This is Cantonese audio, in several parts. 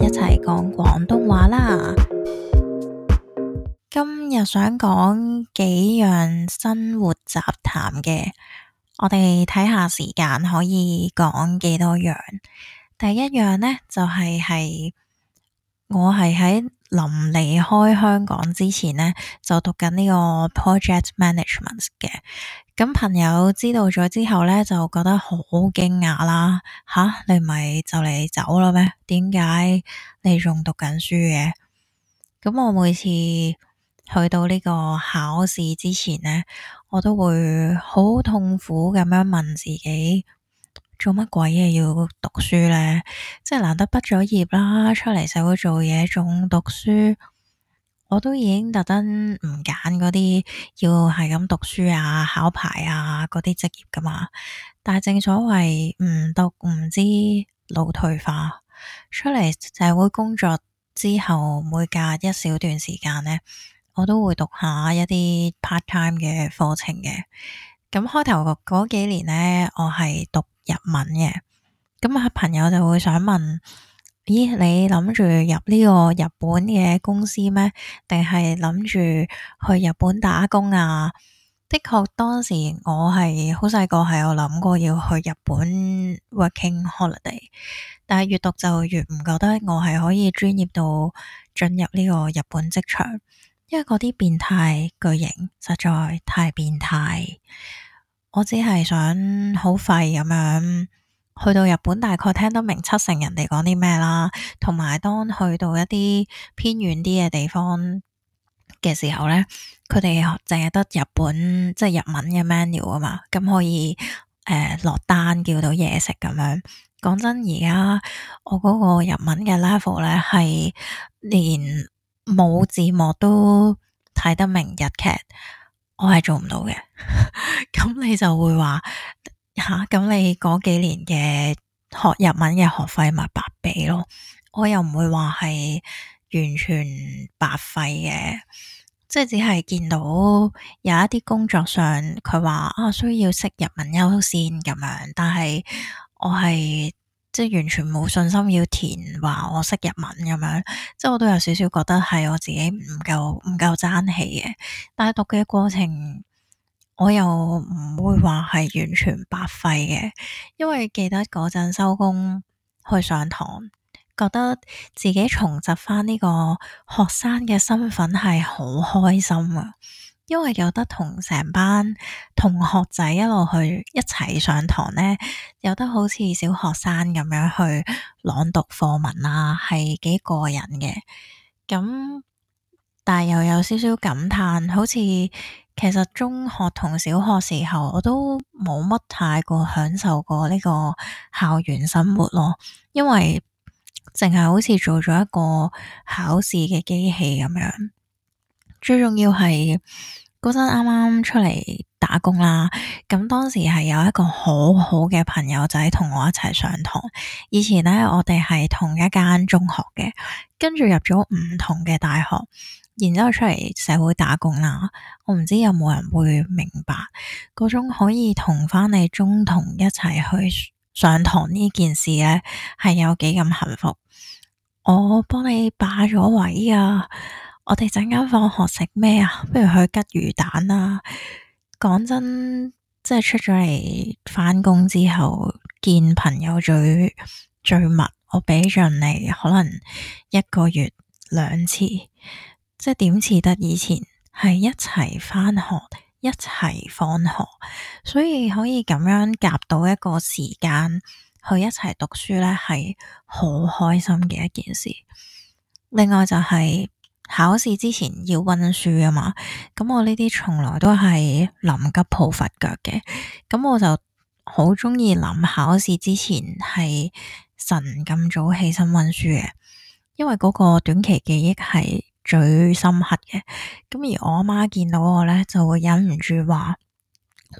一齊講廣東話啦！今日想講幾樣生活雜談嘅，我哋睇下時間可以講幾多樣。第一樣呢，就係、係、係我係喺臨離開香港之前呢，就讀緊呢個 project management 嘅。咁朋友知道咗之後呢，就覺得好驚訝啦！吓，你咪就嚟走啦咩？點解你仲讀緊書嘅？咁我每次去到呢個考試之前呢，我都會好痛苦咁樣問自己：做乜鬼嘢要讀書呢？即係難得畢咗業啦，出嚟社會做嘢仲讀書。我都已經特登唔揀嗰啲要係咁讀書啊、考牌啊嗰啲職業噶嘛，但係正所謂唔讀唔知老退化，出嚟社會工作之後每隔一小段時間呢，我都會讀下一啲 part time 嘅課程嘅。咁開頭嗰幾年呢，我係讀日文嘅。咁啊，朋友就會想問。咦，你諗住入呢個日本嘅公司咩？定係諗住去日本打工啊？的確，當時我係好細個，係有諗過要去日本 working holiday，但係越讀就越唔覺得我係可以專業到進入呢個日本職場，因為嗰啲變態巨型實在太變態。我只係想好廢咁樣。去到日本大概聽得明七成人哋講啲咩啦，同埋當去到一啲偏遠啲嘅地方嘅時候咧，佢哋淨係得日本即係、就是、日文嘅 menu 啊嘛，咁可以誒落單叫到嘢食咁樣。講真，而家我嗰個日文嘅 level 咧，係連冇字幕都睇得明日劇，我係做唔到嘅。咁 你就會話。吓咁、啊、你嗰幾年嘅學日文嘅學費咪白俾咯？我又唔會話係完全白費嘅，即係只係見到有一啲工作上佢話啊需要識日文優先咁樣，但係我係即係完全冇信心要填話我識日文咁樣，即係我都有少少覺得係我自己唔夠唔夠爭氣嘅，但係讀嘅過程。我又唔會話係完全白費嘅，因為記得嗰陣收工去上堂，覺得自己重拾翻呢個學生嘅身份係好開心啊！因為有得同成班同學仔一路去一齊上堂呢，有得好似小學生咁樣去朗讀課文啊，係幾過癮嘅。咁但係又有少少感嘆，好似。其實中學同小學時候我都冇乜太過享受過呢個校園生活咯，因為淨係好似做咗一個考試嘅機器咁樣。最重要係嗰陣啱啱出嚟打工啦，咁當時係有一個好好嘅朋友仔同我一齊上堂。以前咧，我哋係同一間中學嘅，跟住入咗唔同嘅大學。然之後出嚟社會打工啦，我唔知有冇人會明白嗰種可以同翻你中同一齊去上堂呢件事呢，係有幾咁幸福。我幫你霸咗位啊！我哋陣間放學食咩啊？不如去吉魚蛋啦，啊。講真，即係出咗嚟返工之後見朋友最最密，我俾盡你可能一個月兩次。即係點似得？以前係一齊返學，一齊放學，所以可以咁樣夾到一個時間去一齊讀書咧，係好開心嘅一件事。另外就係考試之前要温書啊嘛，咁我呢啲從來都係臨急抱佛腳嘅，咁我就好鍾意諗考試之前係晨咁早起身温書嘅，因為嗰個短期記憶係。最深刻嘅，咁而我阿媽見到我咧，就會忍唔住話，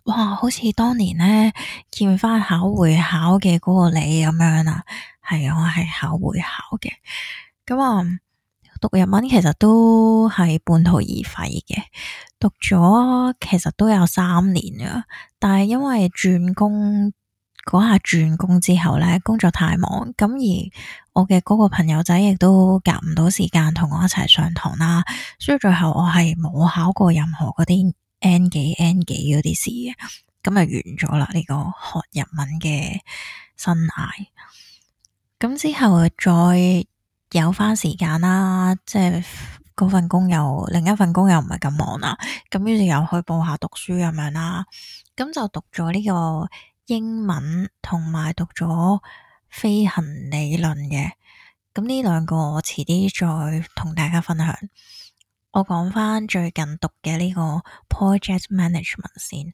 哇，好似當年咧，見翻考會考嘅嗰個你咁樣啦，啊，係我係考會考嘅，咁、嗯、啊，讀日文其實都係半途而廢嘅，讀咗其實都有三年嘅，但係因為轉工。嗰下轉工之後咧，工作太忙，咁而我嘅嗰個朋友仔亦都夾唔到時間同我一齊上堂啦，所以最後我係冇考過任何嗰啲 N 幾 N 幾嗰啲試嘅，咁就完咗啦呢個學日文嘅生涯。咁之後再有翻時間啦，即係嗰份工又另一份工又唔係咁忙啦，咁於是又去報下讀書咁樣啦，咁就讀咗呢個。英文同埋讀咗飛行理論嘅，咁呢兩個我遲啲再同大家分享。我講返最近讀嘅呢個 Project Management 先，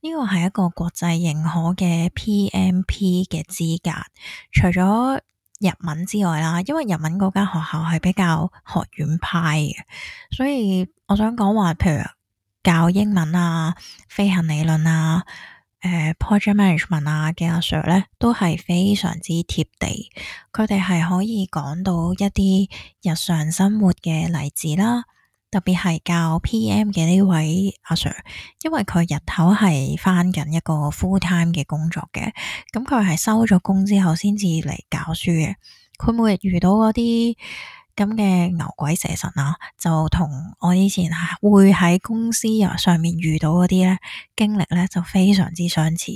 呢個係一個國際認可嘅 PMP 嘅資格。除咗日文之外啦，因為日文嗰間學校係比較學院派嘅，所以我想講話，譬如教英文啊、飛行理論啊。誒，uh，project management 啊嘅阿 Sir 咧，都係非常之貼地，佢哋係可以講到一啲日常生活嘅例子啦，特別係教 PM 嘅呢位阿 Sir，因為佢日頭係返緊一個 full time 嘅工作嘅，咁佢係收咗工之後先至嚟教書嘅，佢每日遇到嗰啲。咁嘅牛鬼蛇神啊，就同我以前會喺公司上面遇到嗰啲咧經歷咧，就非常之相似。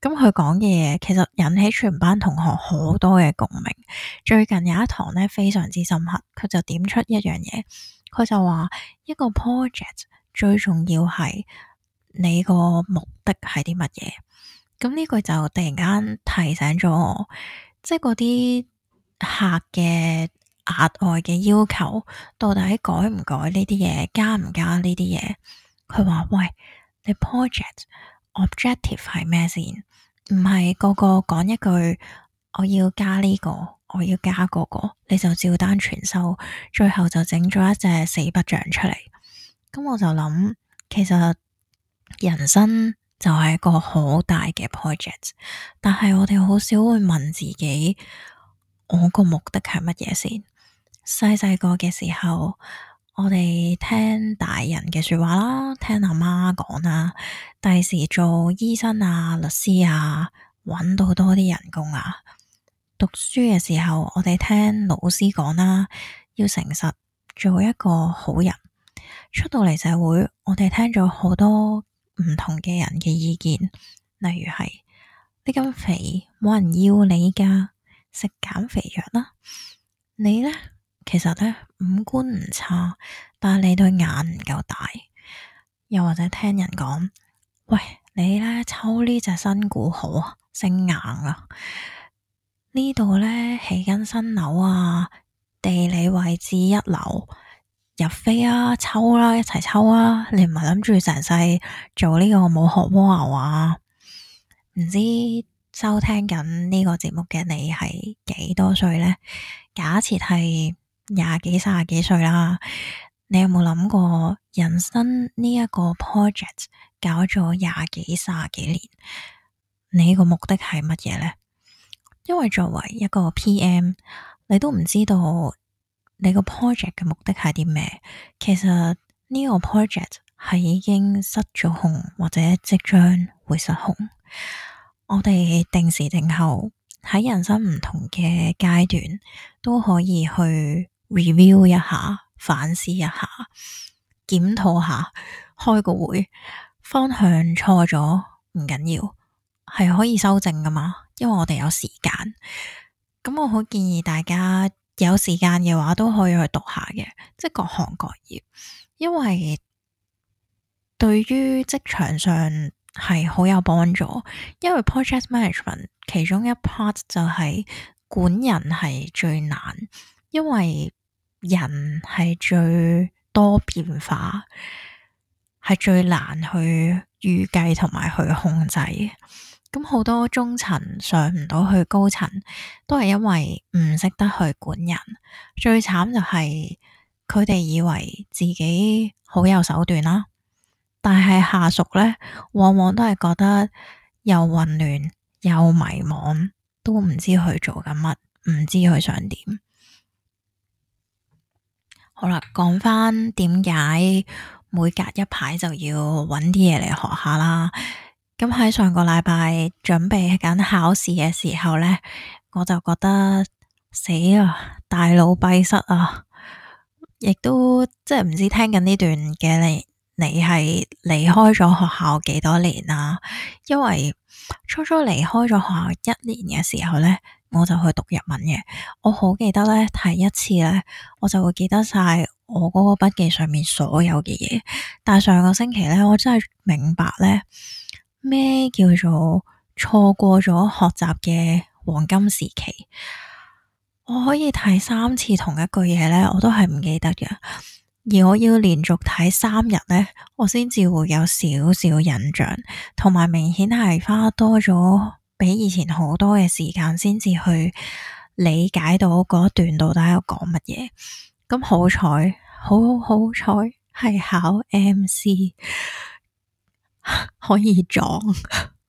咁佢講嘅嘢，其實引起全班同學好多嘅共鳴。最近有一堂咧，非常之深刻。佢就點出一樣嘢，佢就話一個 project 最重要係你個目的係啲乜嘢。咁呢句就突然間提醒咗我，即係嗰啲客嘅。額外嘅要求，到底改唔改呢啲嘢，加唔加呢啲嘢？佢話喂，你 project objective 係咩先？唔係個個講一句我要加呢個，我要加嗰個，你就照單全收，最後就整咗一隻四不像出嚟。咁我就諗，其實人生就係一個好大嘅 project，但係我哋好少會問自己，我個目的係乜嘢先？細細個嘅時候，我哋聽大人嘅說話啦，聽阿媽講啦。第時做醫生啊、律師啊，揾到多啲人工啊。讀書嘅時候，我哋聽老師講啦，要誠實，做一個好人。出到嚟社會，我哋聽咗好多唔同嘅人嘅意見，例如係你咁肥，冇人要你噶，食減肥藥啦。你呢？其實咧五官唔差，但係你對眼唔夠大，又或者聽人講，喂，你咧抽呢隻新股好啊，升硬啊！呢度咧起緊新樓啊，地理位置一流，入飛啊，抽啦、啊，一齊抽啊。你唔係諗住成世做呢個冇殼蝸牛啊？唔知收聽緊呢個節目嘅你係幾多歲咧？假設係。廿幾、卅幾歲啦，你有冇諗過人生呢一個 project 搞咗廿幾、卅幾年，你個目的係乜嘢呢？因為作為一個 PM，你都唔知道你個 project 嘅目的係啲咩。其實呢個 project 係已經失咗控，或者即將會失控。我哋定時定候喺人生唔同嘅階段都可以去，review 一下，反思一下，檢討下，開個會，方向錯咗唔緊要，係可以修正噶嘛？因為我哋有時間，咁我好建議大家有時間嘅話都可以去讀下嘅，即係各行各業，因為對於職場上係好有幫助。因為 project management 其中一 part 就係管人係最難，因為人係最多變化，係最難去預計同埋去控制。咁好多中層上唔到去高層，都係因為唔識得去管人。最慘就係佢哋以為自己好有手段啦，但係下屬呢，往往都係覺得又混亂又迷茫，都唔知佢做緊乜，唔知佢想點。好啦，講翻點解每隔一排就要揾啲嘢嚟學下啦。咁喺上個禮拜準備緊考試嘅時候呢，我就覺得死啊，大腦閉塞啊！亦都即係唔知聽緊呢段嘅你，你係離開咗學校幾多年啦、啊？因為初初離開咗學校一年嘅時候呢。我就去讀日文嘅，我好記得咧，睇一次咧，我就會記得晒我嗰個筆記上面所有嘅嘢。但係上個星期咧，我真係明白咧咩叫做錯過咗學習嘅黃金時期。我可以睇三次同一句嘢咧，我都係唔記得嘅。而我要連續睇三日咧，我先至會有少少印象，同埋明顯係花多咗。比以前好多嘅時間先至去理解到嗰段到底喺度講乜嘢。咁好彩，好好彩係考 MC 可以撞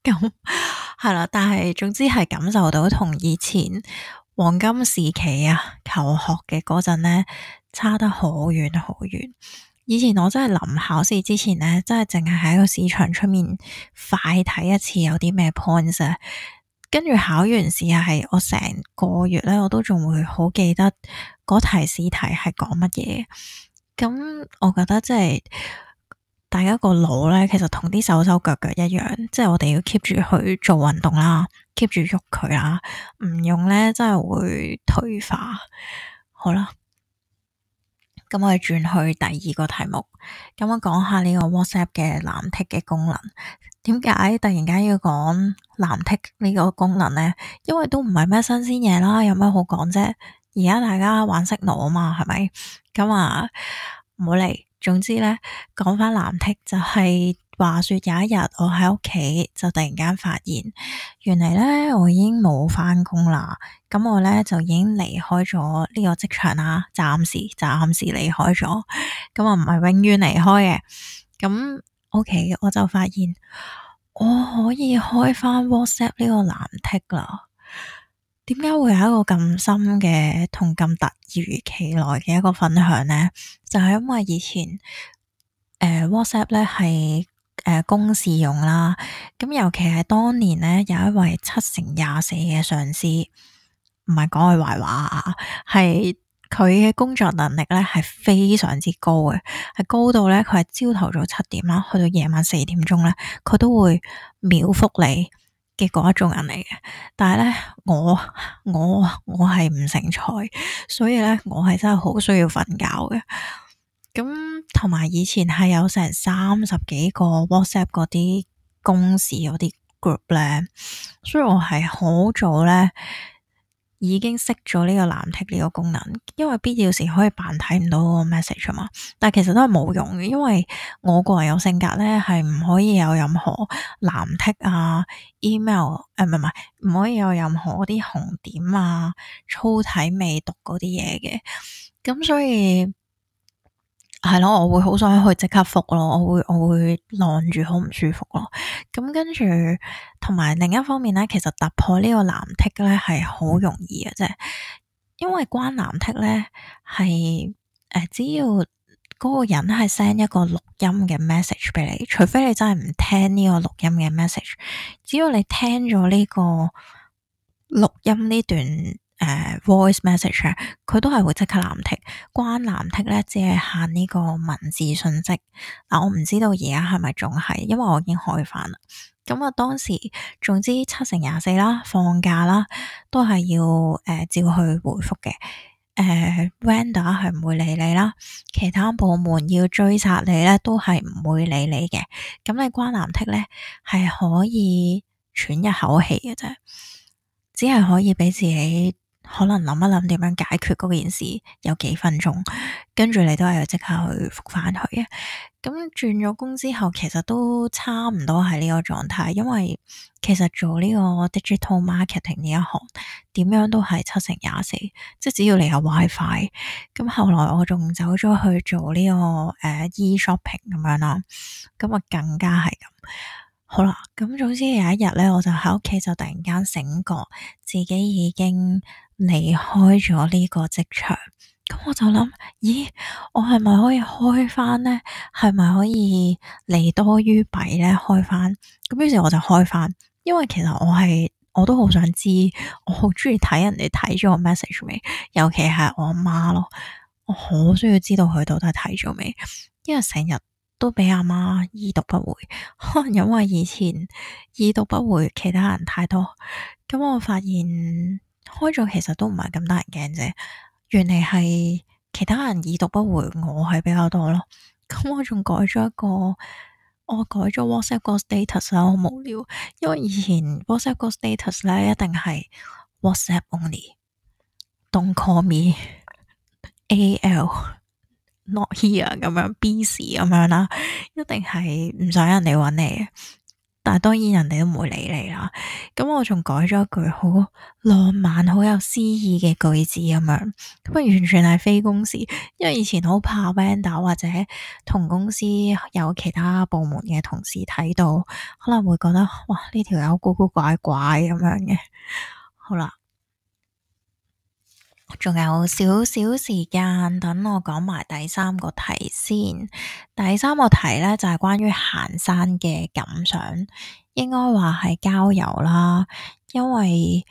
咁係啦。但係總之係感受到同以前黃金時期啊求學嘅嗰陣呢，差得好遠好遠。以前我真係臨考試之前咧，真係淨係喺個市場出面快睇一次有啲咩 points 啊，跟住考完試係我成個月咧，我都仲會好記得嗰題試題係講乜嘢。咁我覺得即係大家個腦咧，其實同啲手手腳腳一樣，即係我哋要 keep 住去做運動啦，keep 住喐佢啦，唔用咧真係會退化。好啦。咁我哋轉去第二個題目，咁我講下呢個 WhatsApp 嘅藍剔嘅功能。點解突然間要講藍剔呢個功能呢？因為都唔係咩新鮮嘢啦，有咩好講啫？而家大家玩 Signal 啊嘛，係咪？咁啊，唔好理。總之呢，講翻藍剔就係。話說有一日，我喺屋企就突然間發現，原嚟呢，我已經冇返工啦。咁我呢，就已經離開咗呢個職場啦，暫時暫時離開咗。咁我唔係永遠離開嘅。咁 OK，我就發現我可以開翻 WhatsApp 呢個藍剔啦。點解會有一個咁深嘅同咁突如其來嘅一個分享呢？就係、是、因為以前誒、呃、WhatsApp 呢係。誒、呃，公事用啦，咁尤其係當年咧，有一位七乘廿四嘅上司，唔係講佢壞話啊，係佢嘅工作能力咧係非常之高嘅，係高到咧佢係朝頭早七點啦，去到夜晚四點鐘咧，佢都會秒覆你嘅嗰一種人嚟嘅。但係咧，我我我係唔成才，所以咧我係真係好需要瞓覺嘅。咁同埋以前係有成三十幾個 WhatsApp 嗰啲，公事嗰啲 group 咧，所以我係好早咧已經識咗呢個藍剔呢個功能，因為必要時可以扮睇唔到個 message 嘛。但係其實都係冇用嘅，因為我個人有性格咧，係唔可以有任何藍剔啊 email 誒，唔係唔係唔可以有任何嗰啲紅點啊粗體未讀嗰啲嘢嘅。咁所以。係咯，我會好想去即刻覆咯，我會我會晾住好唔舒服咯。咁跟住，同埋另一方面咧，其實突破呢個藍剔咧係好容易嘅啫，因為關藍剔咧係誒，只要嗰個人係 send 一個錄音嘅 message 俾你，除非你真係唔聽呢個錄音嘅 message，只要你聽咗呢個錄音呢段。Uh, voice message 佢都係會即刻藍剔，關藍剔咧只係限呢個文字信息。嗱、呃，我唔知道而家係咪仲係，因為我已經開翻啦。咁、嗯、啊，當時總之七成廿四啦，放假啦，都係要誒、呃、照去回復嘅。誒 vendor 係唔會理你啦，其他部門要追查你咧，都係唔會理你嘅。咁、嗯、你關藍剔咧，係可以喘一口氣嘅啫，只係可以俾自己。可能諗一諗點樣解決嗰件事，有幾分鐘，跟住你都係要即刻去覆翻佢。啊、嗯！咁轉咗工之後，其實都差唔多係呢個狀態，因為其實做呢個 digital marketing 呢一行，點樣都係七成廿四，即係只要你有 WiFi。咁、嗯、後來我仲走咗去做呢、呢個誒、呃、e shopping 咁樣啦，咁、嗯、啊、嗯、更加係咁。好啦，咁、嗯、總之有一日咧，我就喺屋企就突然間醒覺自己已經，離開咗呢個職場，咁我就諗，咦，我係咪可以開翻呢？係咪可以利多於弊呢？開翻，咁於是我就開翻，因為其實我係我都好想知，我好中意睇人哋睇咗個 message 未，尤其係我阿媽咯，我好需要知道佢到底睇咗未，因為成日都俾阿媽已讀不回，可能因為以前已讀不回其他人太多，咁我發現。開咗其實都唔係咁得人驚啫，原嚟係其他人已讀不回，我係比較多咯。咁我仲改咗一個，我改咗 WhatsApp 個 status 啦，好無聊。因為以前 WhatsApp 個 status 咧一定係 WhatsApp only，don't call me，AL，not here 咁樣，bc 咁樣啦，一定係唔想人哋搵你嘅。但係當然人哋都唔會理你啦。咁我仲改咗一句好浪漫、好有詩意嘅句子咁樣，咁啊完全係非公司，因為以前好怕 vendor 或者同公司有其他部門嘅同事睇到，可能會覺得哇，呢條友古古怪怪咁樣嘅。好啦。仲有少少時間，等我講埋第三個題先。第三個題呢，就係、是、關於行山嘅感想，應該話係郊遊啦。因為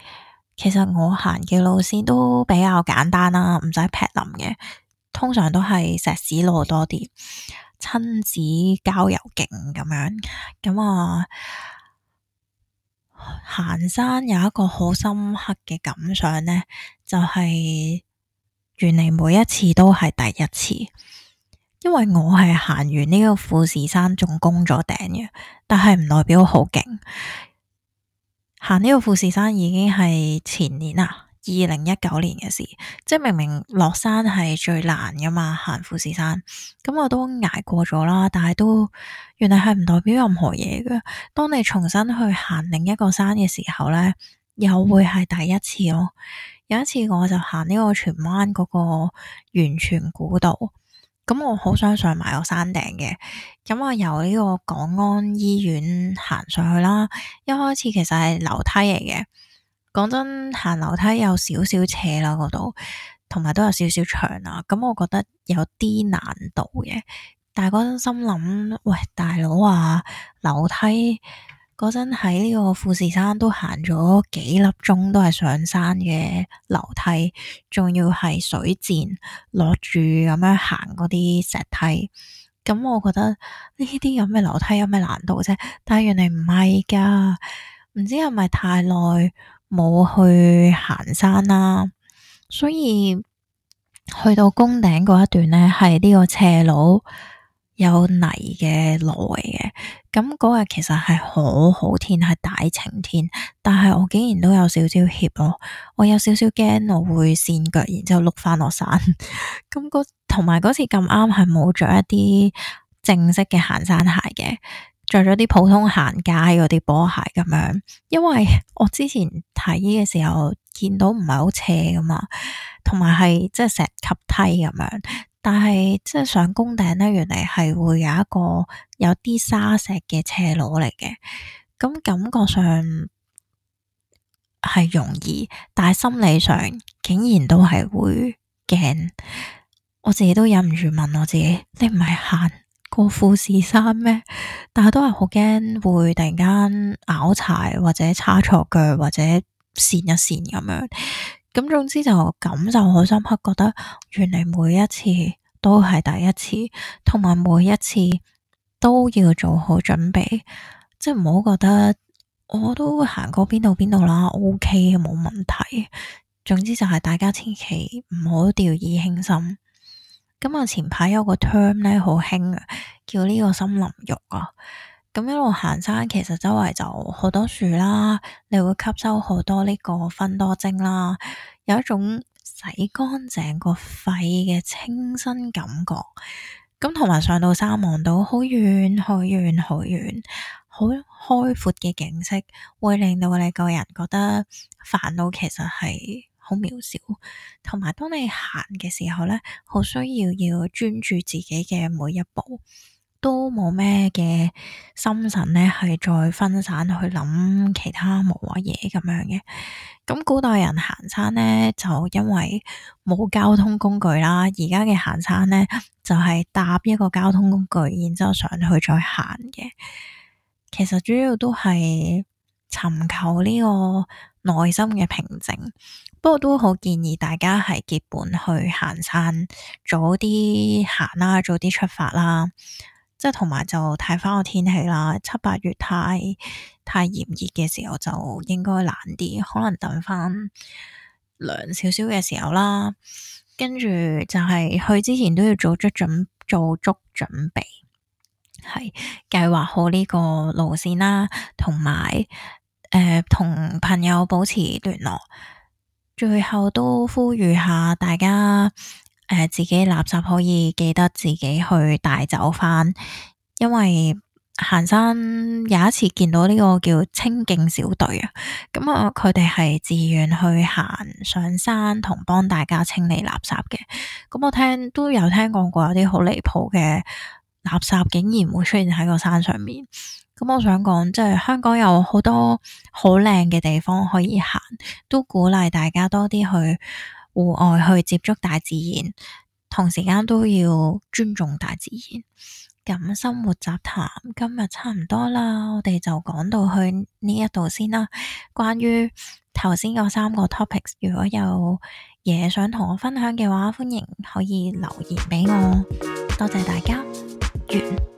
其實我行嘅路綫都比較簡單啦，唔使劈林嘅，通常都係石屎路多啲。親子郊遊徑，咁樣，咁啊行山有一個好深刻嘅感想呢。就係原嚟每一次都係第一次，因為我係行完呢個富士山仲攻咗頂嘅，但係唔代表好勁。行呢個富士山已經係前年啊，二零一九年嘅事，即係明明落山係最難噶嘛，行富士山咁我都挨過咗啦，但係都原嚟係唔代表任何嘢噶。當你重新去行另一個山嘅時候呢，又會係第一次咯。有一次我就行呢個荃灣嗰個完全古道，咁我好想上埋個山頂嘅，咁我由呢個港安醫院行上去啦。一開始其實係樓梯嚟嘅，講真行樓梯有少少斜啦嗰度，同埋都有少少長啦，咁我覺得有啲難度嘅。但係嗰陣心諗，喂大佬啊，樓梯。嗰陣喺呢個富士山都行咗幾粒鐘，都係上山嘅樓梯，仲要係水箭攞住咁樣行嗰啲石梯。咁我覺得呢啲有咩樓梯有咩難度啫？但係原來唔係噶，唔知係咪太耐冇去行山啦？所以去到峰頂嗰一段呢，係呢個斜路。有泥嘅路嚟嘅，咁嗰日其實係好好天，係大晴天，但係我竟然都有少少怯咯，我有少少驚我會跣腳，然之後碌翻落山。咁同埋嗰次咁啱係冇着一啲正式嘅行山鞋嘅，着咗啲普通行街嗰啲波鞋咁樣，因為我之前睇嘅時候見到唔係好斜噶嘛，同埋係即係石級梯咁樣。但係即係上峰頂咧，原嚟係會有一個有啲沙石嘅斜路嚟嘅，咁感覺上係容易，但係心理上竟然都係會驚，我自己都忍唔住問我自己，你唔係行過富士山咩？但係都係好驚會突然間拗柴，或者叉錯腳，或者跣一跣咁樣。咁總之就咁就好深刻，覺得原嚟每一次都係第一次，同埋每一次都要做好準備，即係唔好覺得我都行過邊度邊度啦，OK 冇問題。總之就係大家千祈唔好掉以輕心。咁啊，前排有個 term 咧，好興啊，叫呢個森林浴啊。咁一路行山，其實周圍就好多樹啦，你會吸收好多呢個芬多精啦，有一種洗乾淨個肺嘅清新感覺。咁同埋上到山望到好遠、好遠、好遠、好開闊嘅景色，會令到你個人覺得煩惱其實係好渺小。同埋當你行嘅時候呢，好需要要專注自己嘅每一步。都冇咩嘅心神咧，係再分散去諗其他冇乜嘢咁樣嘅。咁古代人行山呢，就因為冇交通工具啦。而家嘅行山呢，就係搭一個交通工具，然之後上去再行嘅。其實主要都係尋求呢個內心嘅平靜。不過都好建議大家係結伴去行山，早啲行啦，早啲出發啦。即係同埋就睇翻個天氣啦，七八月太太炎熱嘅時候就應該懶啲，可能等翻涼少少嘅時候啦。跟住就係去之前都要做足準做足準備，係計劃好呢個路線啦，同埋誒同朋友保持聯絡。最後都呼籲下大家。誒，自己垃圾可以記得自己去帶走翻。因為行山有一次見到呢個叫清境小隊啊，咁啊，佢哋係自願去行上山同幫大家清理垃圾嘅。咁我聽都有聽講過，有啲好離譜嘅垃圾竟然會出現喺個山上面。咁我想講，即係香港有好多好靚嘅地方可以行，都鼓勵大家多啲去。戶外去接觸大自然，同時間都要尊重大自然。咁生活雜談今日差唔多啦，我哋就講到去呢一度先啦。關於頭先嗰三個 topics，如果有嘢想同我分享嘅話，歡迎可以留言俾我。多謝大家，完。